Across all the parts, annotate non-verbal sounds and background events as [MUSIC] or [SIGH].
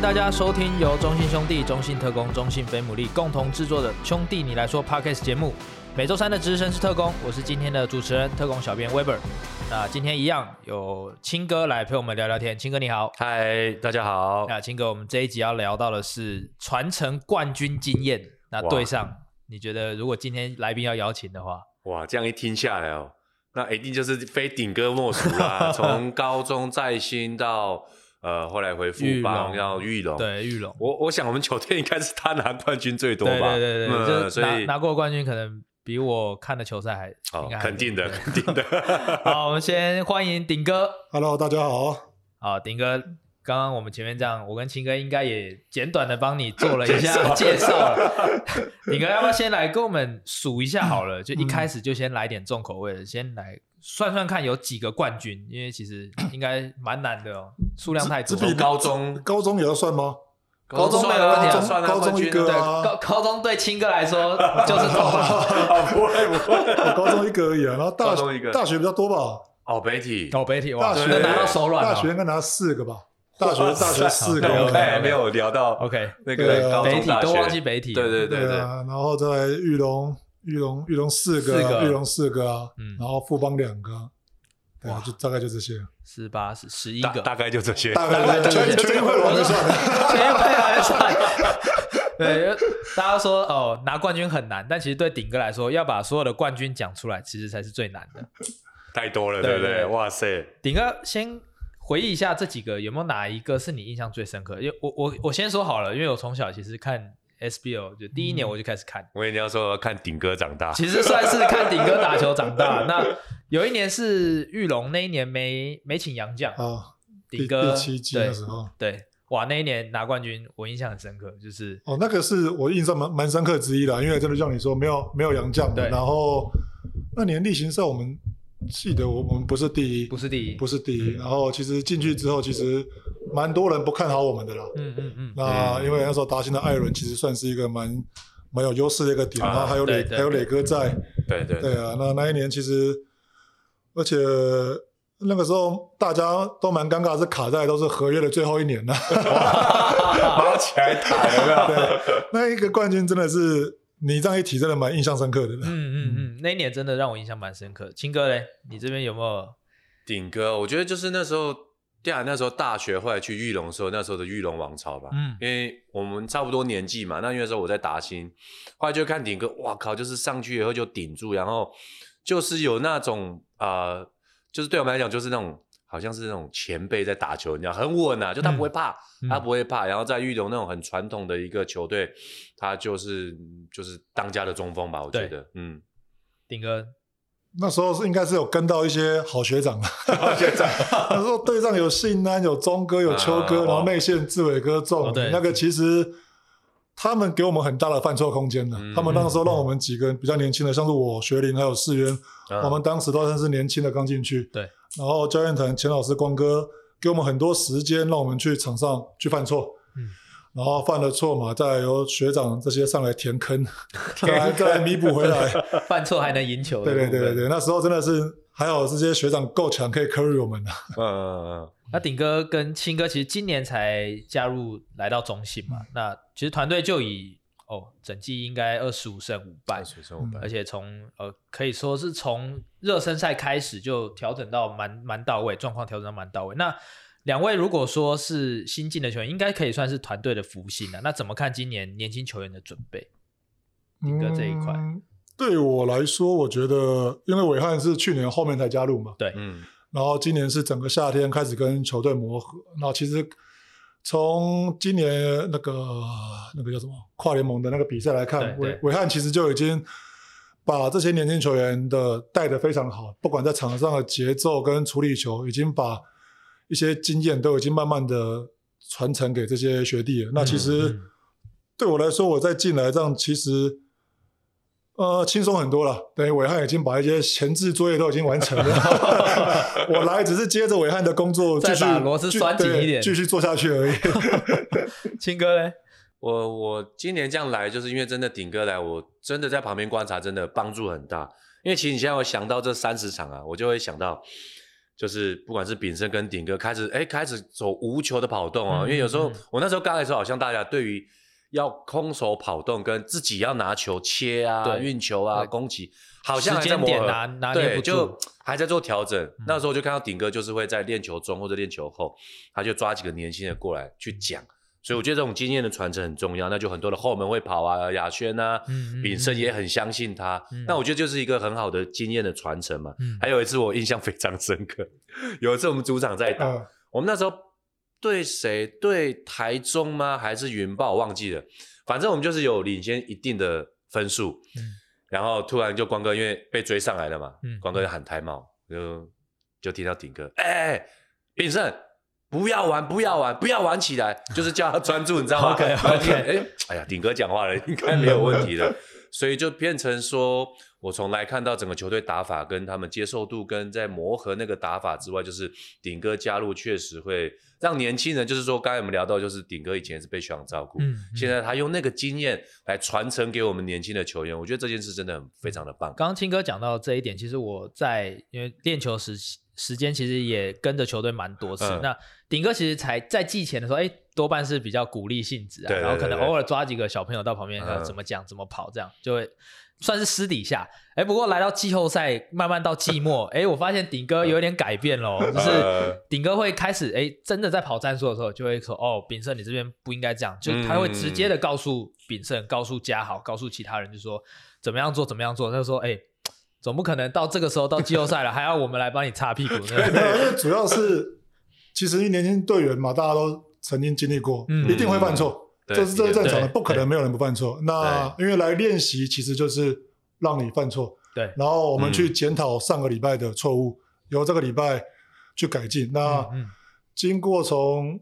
大家收聽由中信兄弟、中信特攻、中信飛姆力共同製作的《兄弟你來說》Podcast 節目。每周三的值日生是特攻，我是今天的主持人特攻小編 Webber。那今天一樣有清哥來陪我們聊聊天。清哥你好，嗨，大家好。那清哥，我們這一集要聊到的是傳承冠軍經驗。那對上，哇你覺得如果今天來賓要邀請的話，哇，這樣一聽下來哦，那一定就是非鼎哥莫屬啊。從 [LAUGHS] 高中在新到呃，後來回覆玉龍要玉龍，對玉龍，我我想我們球隊應該是他拿冠軍最多吧，對對對，就拿拿過冠軍可能比我看的球賽還，哦，肯定的，肯定的。好，我們先歡迎鼎哥，Hello，大家好，好，鼎哥，剛剛我們前面這樣，我跟秦哥應該也簡短的幫你做了一下介紹，鼎哥要不要先來跟我們數一下好了，就一開始就先來點重口味的，先來。算算看有幾個冠軍，因為其實應該蠻難的哦，數量太多。高中高中也要算嗎？高中沒有問題啊，算啊。高中一個高高中對清哥來說就是。不會我高中一個而已啊，然後大學大學比較多吧。哦，北體哦北體哇，對對拿到手軟。大學應該拿四個吧？大學大學四個，那我們還沒有聊到 OK 那個北體，都忘記北體。對對對對，然後再裕隆。裕隆，裕隆四個，裕隆四個，嗯，然後富邦兩個，哇，就大概就這些，十八十、十一個，大概就這些，大概全全會對，大家說哦，拿冠軍很難，但其實對鼎哥來說，要把所有的冠軍講出來，其實才是最難的。太多了，對不對？哇塞，鼎哥先回憶一下這幾個，有沒有哪一個是你印象最深刻？因為我我我先說好了，因為我從小其實看。s, SBL 就第一年我就開始看，嗯、我跟你要說要看鼎哥長大，其實算是看鼎哥打球長大。 [LAUGHS] 那有一年是裕隆，那一年沒沒請洋將啊，鼎、哦、哥第七季的時候，對，對，哇，那一年拿冠軍，我印象很深刻，就是哦，那個是我印象蠻蠻深刻之一的，因為真的像你說沒，沒有沒有洋將。對，然後那年例行賽我們。記得我我們不是第一，不是第一，不是第一。嗯、然後其實進去之後，其實蠻多人不看好我們的啦。嗯嗯嗯。嗯嗯那因為那時候達新的艾倫其實算是一個蠻蠻有優勢的一個點、啊、然後還有磊還有磊哥在。對對。對啊，那那一年其實，而且那個時候大家都蠻尷尬，是卡在都是合約的最後一年了。跑起來打了，對。啊、那一個冠軍真的是。你這樣一提，真的蠻印象深刻的，的嗯。嗯嗯嗯，那一年真的讓我印象蠻深刻的。清哥嘞，你這邊有沒有鼎哥？我覺得就是那時候，對啊，那時候大學後來去裕隆的時候，那時候的裕隆王朝吧。嗯，因為我們差不多年紀嘛，那那時候我在達欣。後來就看鼎哥，哇靠，就是上去以後就頂住，然後就是有那種啊、呃，就是對我們來講就是那種。好像是那種前輩在打球，你知道很穩啊，就他不會怕，他不會怕。然後在裕隆那種很傳統的一個球隊，他就是就是當家的中鋒吧，我覺得。嗯，鼎哥，那時候是應該是有跟到一些好學長，好學長。他說隊上有信安，有忠哥，有秋哥，然後內線志偉哥中。對，那個其實他們給我們很大的犯錯空間的。他們那時候讓我們幾個人比較年輕的，像是我學林還有世淵，我們當時都算是年輕的，剛進去。對。然後教練團，錢老師、光哥給我們很多時間，讓我們去場上去犯錯，嗯、然後犯了錯嘛，再由學長這些上來填坑， [LAUGHS] 再，再彌補回來， [LAUGHS] 犯錯還能贏球的，對對對對對，那時候真的是還好是這些學長夠強，可以 carry 我們嗯嗯嗯。嗯，那鼎哥跟清哥其實今年才加入，來到中信嘛，嗯、那其實團隊就以。哦，整季應該二十五勝五敗，敗嗯、而且從呃可以說是從熱身賽開始就調整到蠻蠻到位，狀況調整到蠻到位。那兩位如果說是新進的球員，應該可以算是團隊的福星了、啊。那怎麼看今年年輕球員的準備？鼎、嗯、哥這一塊，對我來說，我覺得因為韋翰是去年後面才加入嘛，對，嗯，然後今年是整個夏天開始跟球隊磨合，那其實。從今年那個那個叫什麼跨聯盟的那個比賽來看，韋韋翰其實就已經把這些年輕球員的帶得非常好，不管在場上的節奏跟處理球，已經把一些經驗都已經慢慢的傳承給這些學弟了。嗯嗯、那其實對我來說，我在進來這樣其實。呃，輕鬆很多了。等於偉翰已經把一些前置作業都已經完成了， [LAUGHS] [LAUGHS] 我來只是接着偉翰的工作再把螺絲拴緊一點繼，繼續做下去而已。清 [LAUGHS] [LAUGHS] 哥嘞，呢，我我今年這樣來，就是因為真的鼎哥來，我真的在旁邊觀察，真的幫助很大。因為其實你現在我想到這三十場啊，我就會想到，就是不管是炳生跟鼎哥開始，哎，開始走無球的跑動啊，嗯、因為有時候、嗯、我那時候剛來的時候好像大家對於。要空手跑動，跟自己要拿球切啊、運球啊、攻擊，好像還在磨合，對，就還在做調整。那時候就看到鼎哥，就是會在練球中或者練球後，他就抓幾個年輕人過來去講。所以我覺得這種經驗的傳承很重要。那就很多的後門會跑啊，亞軒啊，炳生也很相信他。那我覺得就是一個很好的經驗的傳承嘛。還有一次我印象非常深刻，有一次我們組長在打，我們那時候。對誰？對台中嗎？還是雲豹？我忘記了。反正我們就是有領先一定的分數，嗯，然後突然就光哥，因為被追上來了嘛，嗯，光哥就喊台帽，就，就聽到鼎哥，哎、欸，哎，鼎勝，不要玩，不要玩，不要玩起來，就是叫他專注，你知道嗎？哎 [LAUGHS] Okay, okay.、欸，哎呀，鼎哥講話了，應該沒有問題的。 [LAUGHS] 所以就變成說，我從來看到整個球隊打法跟他們接受度，跟在磨合那個打法之外，就是鼎哥加入確實會讓年輕人，就是說剛才我們聊到，就是鼎哥以前是被學長照顧，現在他用那個經驗來傳承給我們年輕的球員，我覺得這件事真的很非常的棒。剛剛清哥講到這一點，其實我在因為練球時時間其實也跟着球隊蠻多次。嗯、那鼎哥其實才在季前的時候，哎、欸。多半是比較鼓勵性質啊，然後可能偶爾抓幾個小朋友到旁邊，要對怎麼講、嗯、怎麼跑，這樣就會算是私底下。哎，不過來到季後賽，慢慢到季末，哎， [LAUGHS] 我發現鼎哥有點改變咯，嗯、就是鼎哥會開始哎，真的在跑戰術的時候，就會說哦，秉勝你這邊不應該這樣，就他會直接的告訴秉勝，告訴嘉豪，告訴其他人，就說怎麼樣做怎麼樣做。他就說哎，總不可能到這個時候到季後賽了， [LAUGHS] 還要我們來幫你擦屁股。對，因為主要是其實一年輕隊員嘛，大家都。曾經經歷過，一定會犯錯，這是這是正常的，不可能沒有人不犯錯。那因為來練習其實就是讓你犯錯，對，然後我們去檢討上個禮拜的錯誤，由這個禮拜去改進。那經過從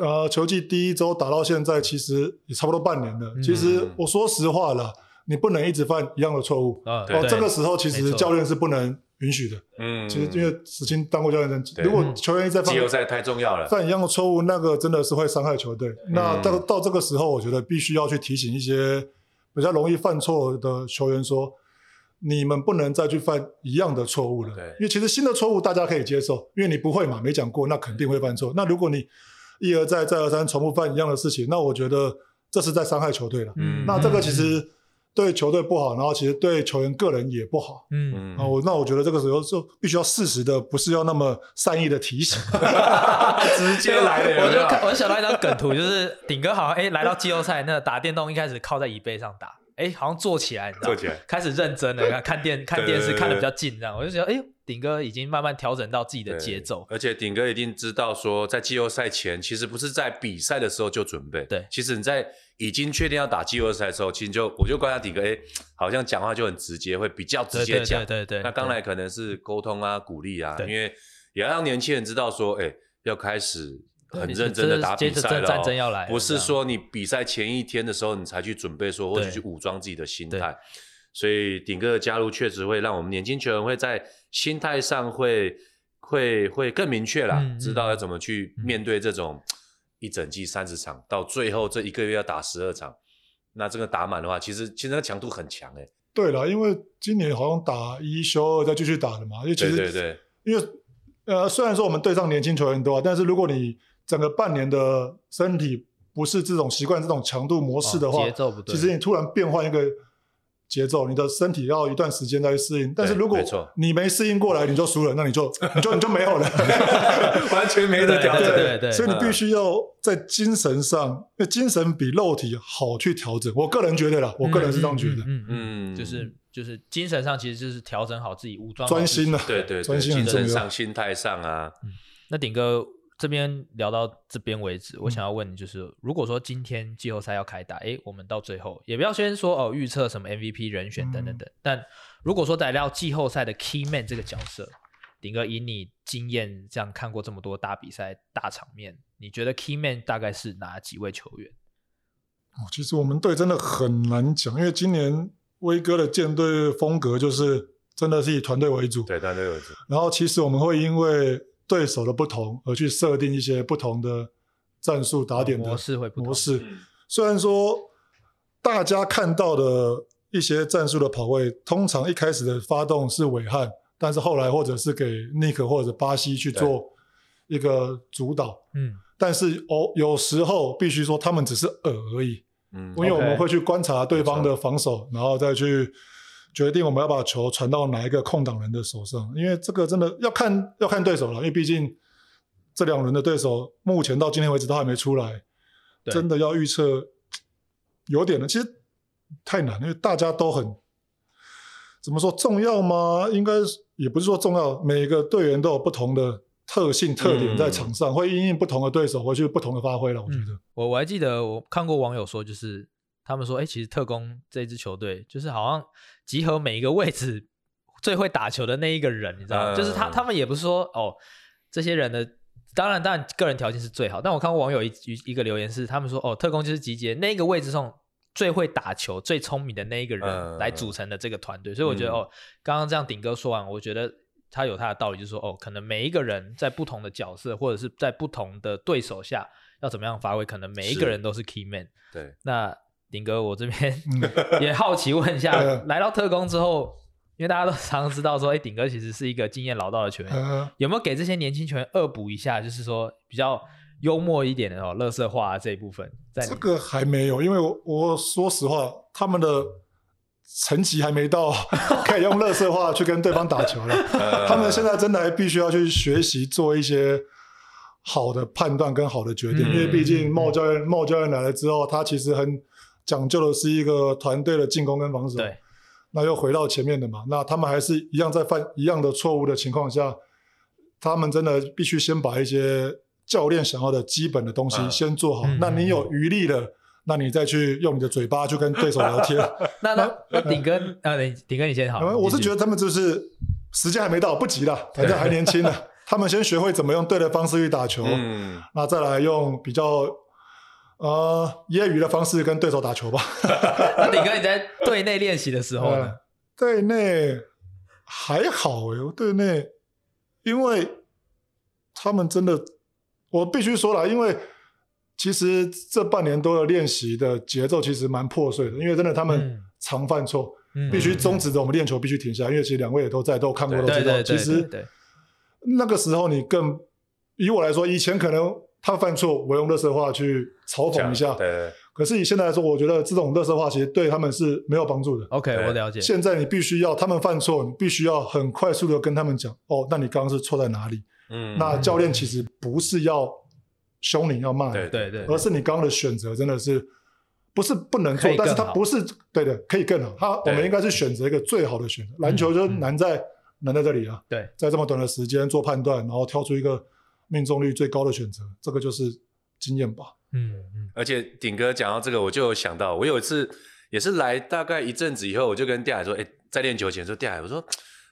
呃球季第一周打到現在，其實也差不多半年了。其實我說實話啦，你不能一直犯一樣的錯誤。哦，這個時候其實教練是不能。允許的，嗯，其實因為時清當過教練，對如果球員一再犯，季後賽太重要了，犯一樣的錯誤，那個真的是會傷害球隊。嗯、那到到這個時候，我覺得必須要去提醒一些比較容易犯錯的球員說，說你們不能再去犯一樣的錯誤了。對，因為其實新的錯誤大家可以接受，因為你不會嘛，沒講過，那肯定會犯錯。那如果你一而再、再而三、重複犯一樣的事情，那我覺得這是在傷害球隊了。嗯，那這個其實。嗯對球隊不好，然後其實對球員個人也不好。嗯，啊，我那我覺得這個時候就必須要適時的，不是要那麼善意的提醒。 [LAUGHS] 直接來了， [LAUGHS] 我就看我就想到一張梗圖，就是鼎 [LAUGHS] 哥好像哎、欸、來到季後賽那個、打電動，一開始靠在椅背上打，哎、欸、好像坐起來，你知道，坐起來開始認真了，你看看電看電視看的比較近，這樣我就覺得哎呦。欸頂哥已經慢慢調整到自己的節奏，而且頂哥已經知道說，在季後賽前，其實不是在比賽的時候就準備。對，其實你在已經確定要打季後賽的時候，嗯、其實就我就觀察頂哥，哎、嗯欸，好像講話就很直接，會比較直接講。對，對對對。那剛才可能是溝通啊、對鼓勵啊，對因為也要讓年輕人知道說，哎、欸，要開始很認真的打比賽了，不是說你比賽前一天的時候你才去準備說，對或者去武裝自己的心態。所以鼎哥的加入確實會讓我們年輕球員會在心態上會會會更明確啦，知道要怎麼去面對這種一整季三十場，到最後這一個月要打十二場，那這個打滿的話，其實其實它強度很強誒、欸。對了，因為今年好像打一休二再繼續打的嘛，因為其實對對對因為呃，雖然說我們隊上年輕球員多，但是如果你整個半年的身體不是這種習慣這種強度模式的話，哦、節奏不對，其實你突然變換一個。節奏，你的身體要一段時間再去適應。但是如果你沒適應過來，你就輸了，那你就你就你就沒有了，完全沒得調整。對對對，所以你必須要在精神上，因為精神比肉體好去調整。我個人覺得啦，我個人是這樣覺得。嗯嗯，就是就是精神上，其實就是調整好自己武裝。專心了，對對專心。精神上、心態上啊。那鼎哥。這邊聊到這邊為止，我想要問你，就是、嗯、如果說今天季後賽要開打，哎、欸，我們到最後也不要先說哦，預測什麼 MVP 人選等等等。嗯、但如果說在聊季後賽的 Key Man 這個角色，鼎、嗯、哥以你經驗，這樣看過這麼多大比賽、大場面，你覺得 Key Man 大概是哪幾位球員？哦，其實我們隊真的很難講，因為今年威哥的建隊風格就是真的是以團隊為主，對，團隊為主。然後其實我們會因為。對手的不同，而去設定一些不同的戰術打點的模式。模式，雖然說大家看到的一些戰術的跑位，通常一開始的發動是韋翰，但是後來或者是給尼克或者巴西去做一個主導。嗯，但是哦，有時候必須說，他們只是餌而已。嗯，因為我們會去觀察對方的防守，然後再去。決定我們要把球傳到哪一個空檔人的手上，因為這個真的要看要看對手了，因為畢竟這兩輪的對手目前到今天為止都還沒出來，對真的要預測有點難，其實太難，因為大家都很怎麼說重要嗎？應該也不是說重要，每個隊員都有不同的特性特點，在場上、嗯、會因應不同的對手，會去不同的發揮了。嗯、我覺得我我還記得我看過網友說就是。他們說：“哎、欸，其實特攻這支球隊就是好像集合每一個位置最會打球的那一個人，你知道嗎？嗯、就是他，他們也不是說哦，這些人的當然，當然個人條件是最好，但我看過網友一一一個留言是，他們說哦，特攻就是集結那個位置上最會打球、最聰明的那一個人來組成的這個團隊。嗯、所以我覺得哦，剛剛這樣鼎哥說完，我覺得他有他的道理，就是說哦，可能每一個人在不同的角色或者是在不同的對手下要怎麼樣發揮，可能每一個人都是 key man 是。對，那。”鼎哥，我這邊也好奇問一下， [LAUGHS] 嗯、來到特攻之後，因為大家都常,常知道說，哎、欸，鼎哥其實是一個經驗老道的球員，嗯、有沒有給這些年輕球員惡補一下？就是說比較幽默一點的哦，垃圾話這一部分，在這個還沒有，因為我,我說實話，他們的成績還沒到 [LAUGHS] 可以用垃圾話去跟對方打球了。 [LAUGHS] 他們現在真的還必須要去學習做一些好的判斷跟好的決定，嗯、因為畢竟茂教練、茂、嗯、教練來了之後，他其實很。講究的是一個團隊的進攻跟防守。對。那又回到前面的嘛，那他們還是一樣在犯一樣的錯誤的情況下，他們真的必須先把一些教練想要的基本的東西先做好。那你有餘力了，那你再去用你的嘴巴去跟對手聊天。那那那鼎哥啊，鼎鼎哥，你先好。因為我是覺得他們就是時間還沒到，不急了，反正還年輕呢，他們先學會怎麼用對的方式去打球。那再來用比較。啊、呃，業餘的方式跟對手打球吧。那鼎哥，你在隊內練習的時候呢？隊內還好哎、欸，隊內，因為他們真的，我必須說了，因為其實這半年多的練習的節奏其實蠻破碎的，因為真的他們常犯錯，嗯、必須終止的，我們練球必須停下來，嗯嗯嗯，因為其實兩位也都在，都看過都知道，其實那個時候你更，以我來說，以前可能。他犯錯，我用垃圾話，去嘲諷一下。對。可是以現在來說，我覺得這種垃圾話其實對他們是沒有幫助的。OK，我了解。現在你必須要他們犯錯，你必須要很快速的跟他們講，哦，那你剛剛是錯在哪裡？嗯。那教練其實不是要凶你，要罵你，對對。而是你剛剛的選擇真的是不是不能做，但是他不是對的，可以更好。他我們應該是選擇一個最好的選擇。籃球就難在難在這裡啊。對，在這麼短的時間做判斷，然後挑出一個。命中率最高的選擇，這個就是經驗吧。嗯嗯，嗯，而且鼎哥講到這個，我就有想到，我有一次也是來大概一陣子以後，我就跟釣海說：“哎、欸，在練球前說釣海，我說，我說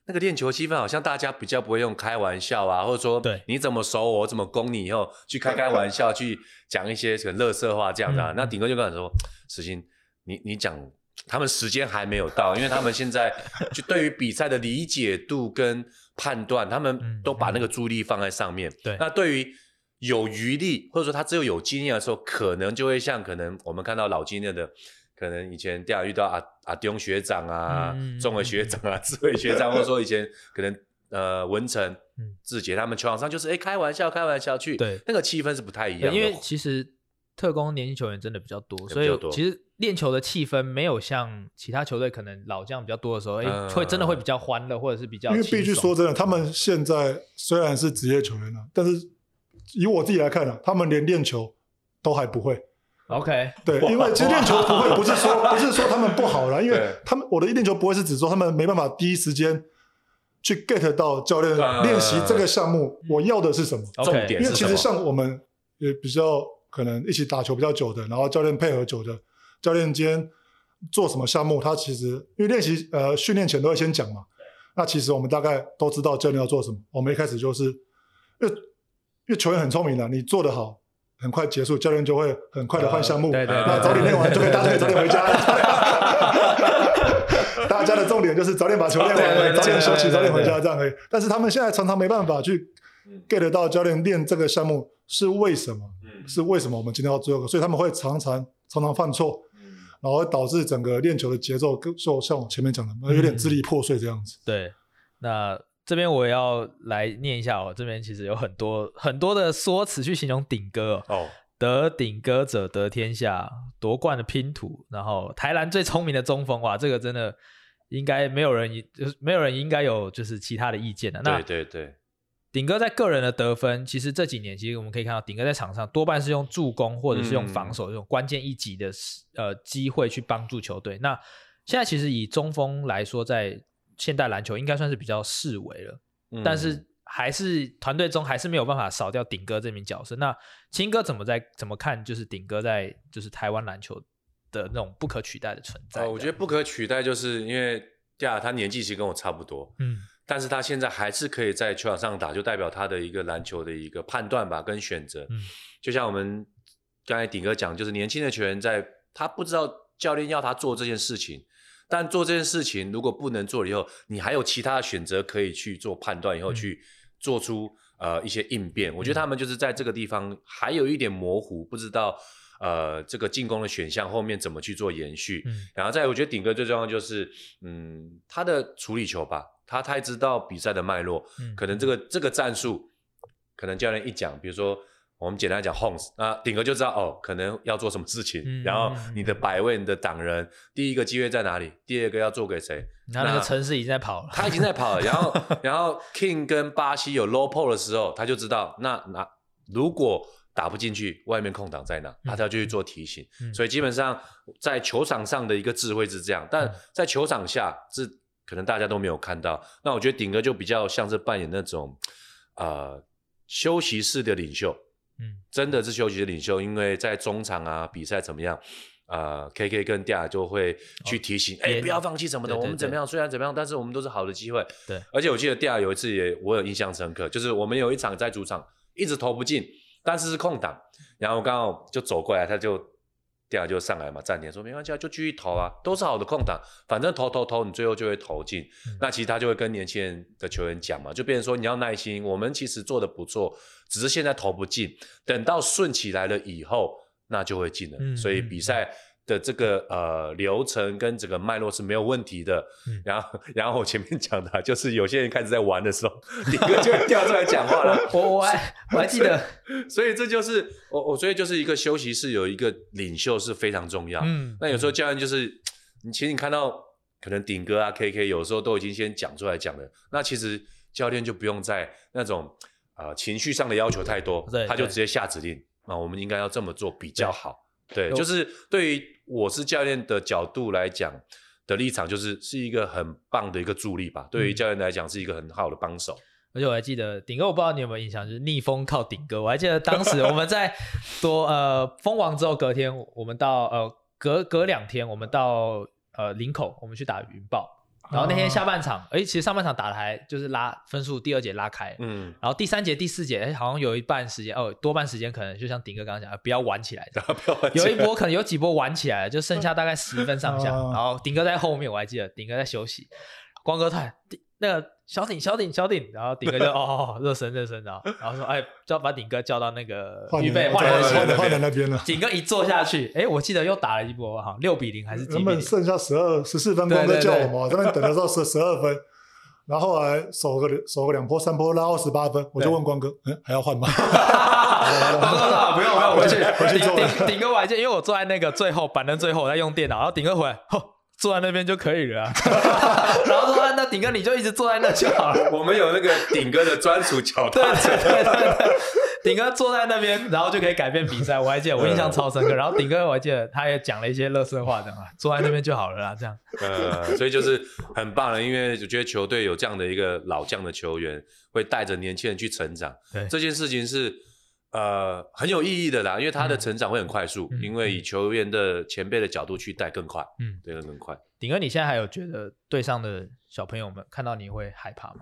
那個練球氣氛好像大家比較不會用開玩笑啊，或者說你怎麼守我，我怎麼攻你，以後去開開玩笑，對去講一些什麼垃圾話這樣子啊、嗯、那鼎哥就跟我說：“時清，你你講。”他們時間還沒有到，因為他們現在就對於比賽的理解度跟判斷，他們都把那個注意力放在上面。對，那對於有餘力或者說他只有有經驗的時候，可能就會像可能我們看到老經驗的，可能以前第二遇到阿阿丟學長啊、中文學長啊、智慧學長，或者說以前可能呃文成、志杰他們球場上就是哎開玩笑、開玩笑去，對，那個氣氛是不太一樣。因為其實特攻年輕球員真的比較多，所以其實。練球的氣氛沒有像其他球隊可能老將比較多的時候，哎、呃，會真的會比較歡樂，或者是比較……因為必須說真的，他們現在雖然是職業球員了，但是以我自己來看呢、啊，他們連練球都還不會。OK，對，哇因為其實練球不會，不是說哇不是說他們不好啦， [LAUGHS] 因為他們我的意練球不會是指說他們沒辦法第一時間去 get 到教練練習這個項目，呃、我要的是什麼重點？Okay. 因為其實像我們也比較可能一起打球比較久的，然後教練配合久的。教練今天做什麼項目？他其實因為練習呃訓練前都會先講嘛，那其實我們大概都知道教練要做什麼。我們一開始就是，因為因為球員很聰明的，你做得好，很快結束，教練就會很快的換項目，那早點練完就可以大家早點回家。大家的重點就是早點把球練完，早點休息，早點回家這樣。哎，但是他們現在常常沒辦法去 get 到教練練這個項目是為什麼？是為什麼我們今天要做這個？所以他們會常常常常犯錯。然後導致整個練球的節奏跟，就像我前面講的，有點支離破碎這樣子。嗯、對，那這邊我要來念一下，哦，這邊其實有很多很多的說辭去形容鼎哥哦，哦得鼎哥者得天下，奪冠的拼圖，然後台南最聰明的中鋒哇，這個真的應該沒有人，就是沒有人應該有就是其他的意見的、啊。那對對對。那對對對鼎哥在個人的得分，其實這幾年其實我們可以看到，鼎哥在場上多半是用助攻或者是用防守這種、嗯、關鍵一擊的呃機會去幫助球隊。那現在其實以中鋒來說，在現代籃球應該算是比較式微了，嗯、但是還是團隊中還是沒有辦法少掉鼎哥這名角色。那清哥怎麼在怎麼看就是鼎哥在就是台灣籃球的那種不可取代的存在、哦？我覺得不可取代，就是因為第二他年紀其實跟我差不多，嗯。但是他現在還是可以在球場上打，就代表他的一個籃球的一個判斷吧，跟選擇。嗯，就像我們剛才鼎哥講，就是年輕的球員在他不知道教練要他做這件事情，但做這件事情如果不能做了以後，你還有其他的選擇可以去做判斷，以後去做出、嗯、呃一些應變。我覺得他們就是在這個地方還有一點模糊，不知道呃這個進攻的選項後面怎麼去做延續。嗯，然後再我覺得鼎哥最重要就是嗯他的處理球吧。他太知道比賽的脈絡，嗯、可能這個這個戰術，可能教練一講，比如說我們簡單講 horns 啊，鼎哥就知道哦，可能要做什麼事情，嗯嗯嗯然後你的擺位、你的擋人，第一個機會在哪裡，第二個要做給誰？嗯嗯那那個城市已經在跑了，他已經在跑了， [LAUGHS] 然後然後 king 跟巴西有 low pole 的時候，他就知道那那如果打不進去，外面空檔在哪，他就要去做提醒。嗯嗯嗯所以基本上在球場上的一個智慧是這樣，但在球場下是。可能大家都沒有看到，那我覺得鼎哥就比較像是扮演那種，呃，休息室的領袖，嗯，真的是休息的領袖，因為在中場啊，比賽怎麼樣，啊、呃、KK 跟 Dia 就會去提醒，哎，不要放棄什麼的，對對對我們怎麼樣，雖然怎麼樣，但是我們都是好的機會，對，而且我記得 Dia 有一次也我有印象深刻，就是我們有一場在主場一直投不進，但是是空檔，然後剛好就走過來，他就。這樣就上來嘛，暫停說沒關係啊，就繼續投啊，都是好的空檔，反正投投投，你最後就會投進。嗯、那其實他就會跟年輕人的球員講嘛，就變成說你要耐心，我們其實做得不錯，只是現在投不進，等到順起來了以後，那就會進了。嗯嗯，所以比賽。的這個呃流程跟整個脈絡是沒有問題的，嗯、然後然後我前面講的，就是有些人開始在玩的時候， [LAUGHS] 鼎哥就會跳出來講話了。 [LAUGHS] 我我我還,我還記得所，所以這就是我我所以就是一個休息室有一個領袖是非常重要。嗯，那有時候教練就是、嗯、你其實你看到可能鼎哥啊、KK 有時候都已經先講出來講了，那其實教練就不用在那種啊、呃、情緒上的要求太多，對對他就直接下指令對啊，我們應該要這麼做比較好。對，就是對於我是教練的角度來講的立場，就是是一個很棒的一個助力吧。對於教練來講，是一個很好的幫手。嗯、而且我還記得鼎哥，我不知道你有沒有印象，就是逆風靠鼎哥。我還記得當時我們在說 [LAUGHS] 呃封王之後，隔天我們到呃隔隔兩天我們到呃林口，我們去打雲豹。然後那天下半場，哎、哦，其實上半場打的還就是拉分數，第二節拉開，嗯，然後第三節、第四節誒，好像有一半時間，哦，多半時間可能就像鼎哥剛剛講的，不要玩起來、哦、玩起來有一波可能有幾波玩起來就剩下大概十分上下，哦、然後鼎哥在後面，我還記得鼎哥在休息。光哥，太，那個小鼎小鼎小鼎，然後鼎哥就哦哦熱身熱身，然後然後說哎叫把鼎哥叫到那個預備換人換人那邊了。鼎哥一坐下去，哎，我記得又打了一波哈六比零還是幾比零？剩下十二十四分，光哥叫我們，在那等的時候十十二分，然後來守個守個兩波三波拉二十八分，我就問光哥嗯，還要換嗎？不用不用回去回去，坐鼎鼎哥來接，因為我坐在那個最後板凳最後在用電腦，然後鼎哥回來坐在那邊就可以了、啊， [LAUGHS] [LAUGHS] 然後說，那鼎哥你就一直坐在那就好了。我們有那個鼎哥的專屬橋段，對對對對， [LAUGHS] 鼎哥坐在那邊，然後就可以改變比賽。我還記得，我印象超深刻。然後鼎哥我還記得，他也講了一些樂色話的嘛，坐在那邊就好了啦，這樣。 [LAUGHS] 嗯，所以就是很棒了，因為我覺得球隊有這樣的一個老將的球員，會帶着年輕人去成長，對這件事情是。呃，很有意義的啦，因為他的成長會很快速。嗯、因為以球員的前輩的角度去帶更快，嗯，對，更快。鼎哥，你現在還有覺得隊上的小朋友們看到你會害怕嗎？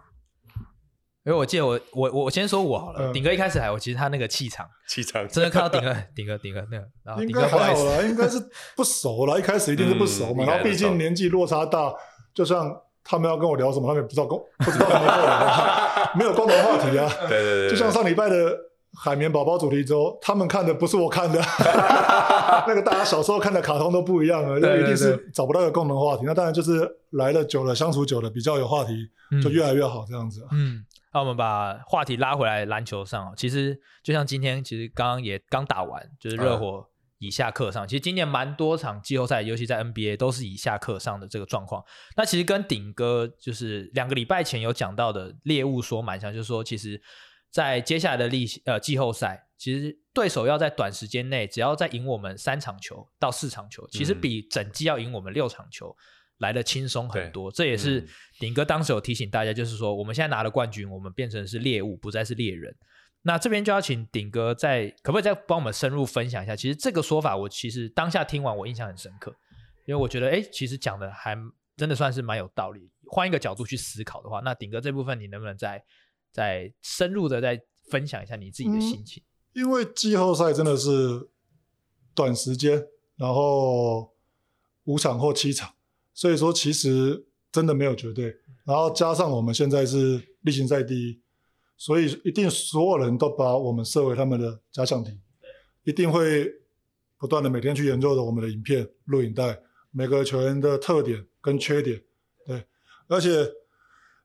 因為我記得我我我先說我好了，鼎、嗯、哥一開始還有其實他那個氣場，氣場、嗯、真的看到鼎哥鼎哥鼎哥那個，然後哥應該還好了，應該是不熟了， [LAUGHS] 一開始一定是不熟嘛，嗯、然後畢竟年紀落差大，就像他們要跟我聊什麼，他們也不知道共 [LAUGHS] 不知道什麼，沒有共同話題啊， [LAUGHS] 對對對、對，就像上禮拜的。海綿寶寶主題周，他們看的不是我看的， [LAUGHS] [LAUGHS] 那個大家小時候看的卡通都不一樣了，就一定是找不到一個共同話題。那當然就是來了久了，相處久了，比較有話題，就越來越好這樣子。嗯，那、嗯啊、我們把話題拉回來籃球上，其實就像今天，其實剛剛也剛打完，就是熱火以下剋上。嗯、其實今年蠻多場季後賽，尤其在 NBA 都是以下剋上的這個狀況。那其實跟鼎哥就是兩個禮拜前有講到的獵物說蠻像就是說其實。在接下來的例行，呃、季後賽，其實對手要在短時間內，只要再贏我們三場球到四場球，其實比整季要贏我們六場球來得輕鬆很多。嗯、這也是鼎哥當時有提醒大家，就是說我們現在拿了冠軍，我們變成是獵物，不再是獵人。那這邊就要請鼎哥再可不可以再幫我們深入分享一下？其實這個說法我其實當下聽完我印象很深刻，因為我覺得誒，其實講的還真的算是蠻有道理。換一個角度去思考的話，那鼎哥這部分你能不能再？再深入的再分享一下你自己的心情，嗯、因為季後賽真的是短時間，然後五場或七場，所以說其實真的沒有絕對。然後加上我們現在是例行賽第一，所以一定所有人都把我們設為他們的假想敵，對一定會不斷的每天去研究的我們的影片、錄影帶，每個球員的特點跟缺點，對，而且。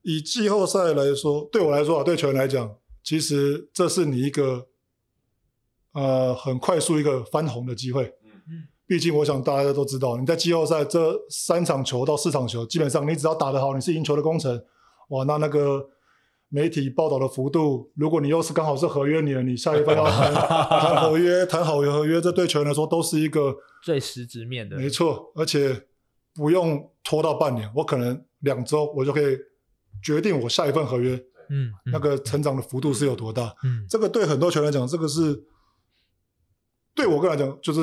以季後賽來說，對我來說啊，對球員來講，其實這是你一個，呃，很快速一個翻紅的機會。嗯，畢竟我想大家都知道，你在季後賽這三場球到四場球，基本上你只要打得好，你是贏球的功臣。哇，那那個媒體報道的幅度，如果你又是剛好是合約年，你下一份要談合約 [LAUGHS] 談好有合約，這對球員來說都是一個最實質面的。沒錯，而且不用拖到半年，我可能兩週我就可以。決定我下一份合約，嗯，嗯，那個成長的幅度是有多大？嗯，嗯，這個對很多球員來講，這個是對我個人來講，就是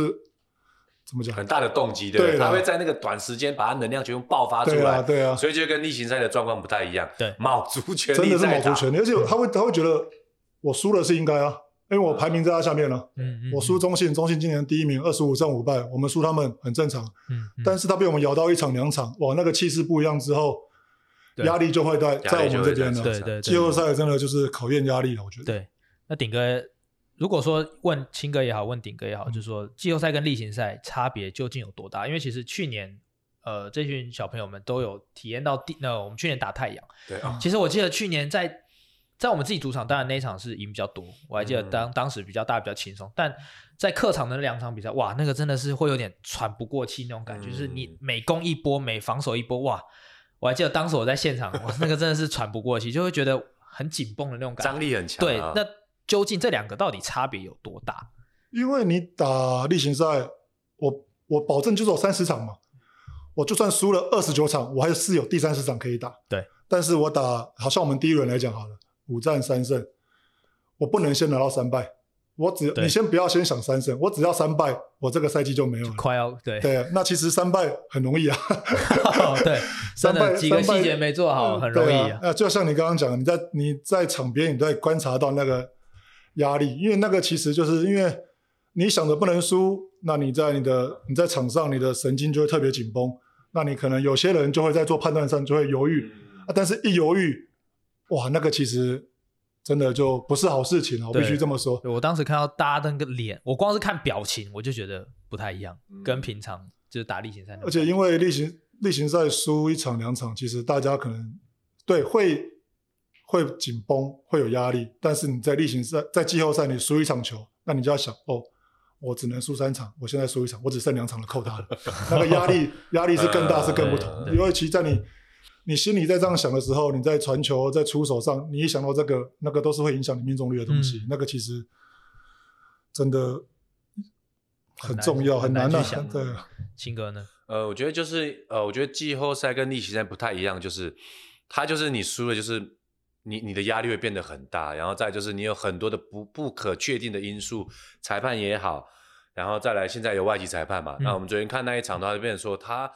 怎麼講，很大的動機，對對啦，他會在那個短時間把他能量全部爆發出來，對，對啊，所以就跟例行賽的狀況不太一樣，對，卯足，足全力，真的是卯足全力，而且他會他會覺得我輸了是應該啊，因為我排名在他下面了，啊嗯，嗯，嗯我輸中信，中信今年第一名，二十五勝五敗，我們輸他們很正常，嗯嗯，但是他被我們咬到一場兩場，哇，那個氣勢不一樣之後。壓力就會在就會在我們這邊了。對對對，對，季後賽真的就是考驗壓力了，我覺得。對，那鼎哥，如果說，問清哥也好，問鼎哥也好，嗯、就是說季後賽跟例行賽差別究竟有多大？因為其實去年，呃，這群小朋友們都有體驗到那、no, 我們去年打太陽，對、啊、其實我記得去年在在我們自己主場，當然那一場是贏比較多，我還記得當當時比較大比較輕鬆。但在客場的那兩場比賽，哇，那個真的是會有點喘不過氣那種感覺，嗯、就是你每攻一波，每防守一波，哇！我還記得當時我在現場，我那個真的是喘不過氣， [LAUGHS] 就會覺得很緊繃的那種感覺，張力很強啊。對，那究竟這兩個到底差別有多大？因為你打例行賽，我我保證就是有三十場嘛，我就算輸了二十九場，我還是有第三十場可以打。對，但是我打，好像我們第一輪來講好了，五戰三勝，我不能先拿到三敗。我只對你先不要先想三勝，我只要三敗，我這個賽季就沒有了。快要、哦、對，對，那其實三敗很容易啊。對， [LAUGHS] [LAUGHS] 三敗幾個細節沒做好很容易、啊。呃、啊，就像你剛剛講的，你在你在場邊，你都會觀察到那個壓力，因為那個其實就是因為你想的不能輸，那你在你的你在場上，你的神經就會特別緊繃。那你可能有些人就會在做判斷上就會猶豫，啊、但是一猶豫，哇，那個其實。真的就不是好事情了、啊，對我必須這麼說。我當時看到大家的那個臉，我光是看表情，我就覺得不太一樣，跟平常就是打例行賽。而且因為例行例行賽輸一場兩場，其實大家可能對會會緊繃，會有壓力。但是你在例行賽在季後賽你輸一場球，那你就要想哦，我只能輸三場，我現在輸一場，我只剩兩場了，扣他了， [LAUGHS] 那個壓力壓力是更大，呃、是更不同，啊、因為其實在你。你心裡在這樣想的時候，你在傳球、在出手上，你一想到這個、那個，都是會影響你命中率的東西。嗯、那個其實真的很重要，很難，很難想的。清哥對呢？呃，我覺得就是呃，我覺得季後賽跟例行賽不太一樣，就是他就是你輸了，就是你你的壓力會變得很大，然後再就是你有很多的不不可確定的因素，裁判也好，然後再來現在有外籍裁判嘛，那、嗯、我們昨天看那一場的話，他就變成說他。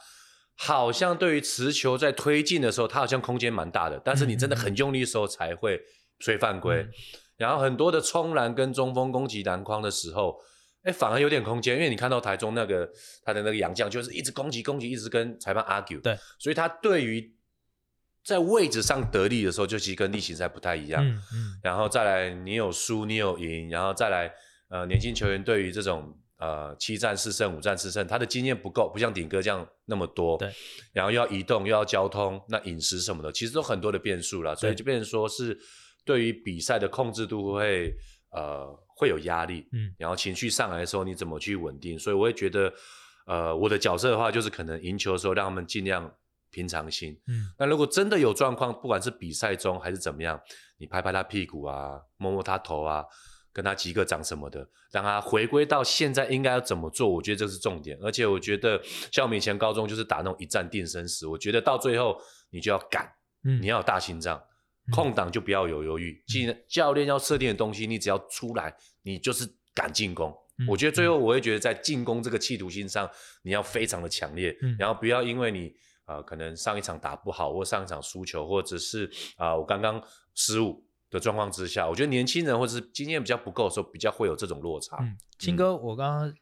好像對於持球在推進的時候，他好像空間蠻大的，但是你真的很用力的時候才會吹犯規。嗯、然後很多的衝籃跟中鋒攻擊籃筐的時候，哎，反而有點空間，因為你看到台中那個他的那個洋將，就是一直攻擊攻擊，一直跟裁判 argue。對，所以他對於在位置上得力的時候，就其實跟例行賽不太一樣。嗯嗯。然後再來，你有輸，你有贏，然後再來，呃，年輕球員對於這種。呃，七戰四勝，五戰四勝，他的經驗不夠，不像鼎哥這樣那麼多。對。然後又要移動，又要交通，那飲食什麼的，其實都很多的變數了，對所以就變成說是對於比賽的控制度會呃會有壓力。嗯。然後情緒上來的時候，你怎麼去穩定？所以我會覺得，呃，我的角色的話，就是可能贏球的時候，讓他們儘量平常心。嗯。那如果真的有狀況，不管是比賽中還是怎麼樣，你拍拍他屁股啊，摸摸他頭啊。跟他擊個掌什麼的，讓他回歸到現在應該要怎麼做。我覺得這是重點。而且我覺得像我們以前高中就是打那種一戰定生死，我覺得到最後你就要敢，嗯、你要有大心臟，空檔就不要有猶豫。既然、嗯、教練要設定的東西，嗯、你只要出來，你就是敢進攻。嗯、我覺得最後我會覺得在進攻這個企圖心上，你要非常的強烈，嗯、然後不要因為你啊、呃、可能上一場打不好，或上一場輸球，或者是啊、呃、我剛剛失誤。的狀況之下，我覺得年輕人或者是經驗比較不夠的時候，比較會有這種落差。清、嗯、哥，嗯、我剛剛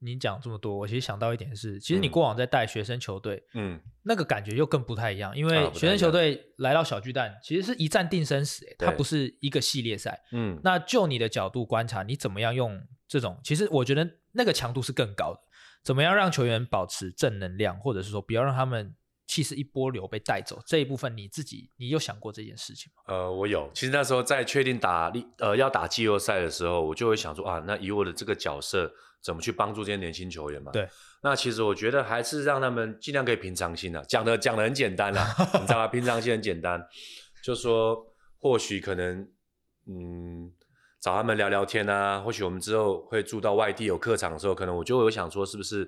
您講這麼多，我其實想到一點是，其實你過往在帶學生球隊，嗯，那個感覺又更不太一樣，因為學生球隊來到小巨蛋，其實是一戰定生死、欸，它不是一個系列賽。嗯對，那就你的角度觀察，你怎麼樣用這種？嗯、其實我覺得那個強度是更高的，怎麼樣讓球員保持正能量，或者是說不要讓他們。其實一波流被帶走這一部分，你自己你有想過這件事情嗎？呃，我有。其實那時候在確定打呃要打季後賽的時候，我就會想說啊，那以我的這個角色，怎麼去幫助這些年輕球員嘛？對。那其實我覺得還是讓他們盡量可以平常心啊，講的，講的講的很簡單啊， [LAUGHS] 你知道嗎？平常心很簡單， [LAUGHS] 就說或許可能，嗯。找他們聊聊天啊，或許我們之後會住到外地有客場的時候，可能我就會有想說，是不是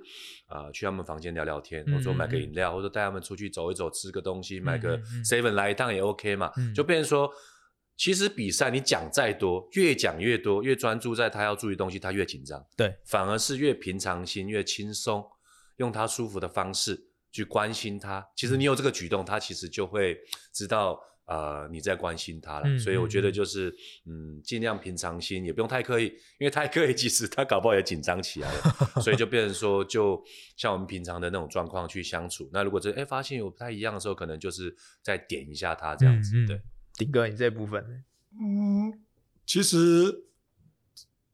啊、呃，去他們房間聊聊天？或說買個飲料，嗯嗯嗯或者帶他們出去走一走，吃個東西，買個 seven 來一趟也 OK 嘛？嗯嗯嗯就變成說，其實比賽你講再多，越講越多，越專注在他要注意東西，他越緊張。對，反而是越平常心越輕鬆，用他舒服的方式去關心他。其實你有這個舉動，他其實就會知道。呃，你在關心他了，嗯嗯，所以我覺得就是，嗯，盡量平常心，也不用太刻意，因為太刻意，其實他搞不好也緊張起來了， [LAUGHS] 所以就變成說，就像我們平常的那種狀況去相處。那如果這，哎、欸、發現有不太一樣的時候，可能就是再點一下他這樣子。嗯嗯，對，鼎哥，你這部分呢？嗯，其實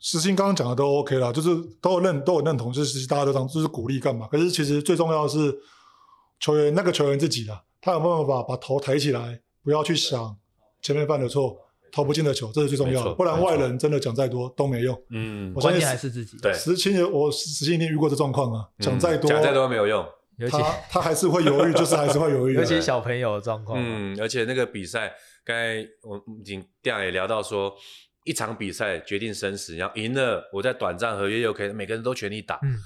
時清剛剛講的都 OK 啦，就是都有認都有認同事，就是大家都想就是鼓勵幹嘛。可是其實最重要的是球員那個球員自己啦，他有沒有辦法把把頭抬起來。不要去想前面犯的錯，投不進的球，這是最重要的。沒錯，不然外人真的講再多，沒錯。都沒用。嗯，我關鍵還是自己。對，十七年我十七年遇過的狀況啊，講、嗯、再多講再多沒有用。尤其他他還是會猶豫， [LAUGHS] 就是還是會猶豫、啊。而且小朋友的狀況、啊。嗯，而且那個比賽，剛才我們已經第二也聊到說，一場比賽決定生死，然後贏了，我在短暫合約又可以，每個人都全力打。嗯，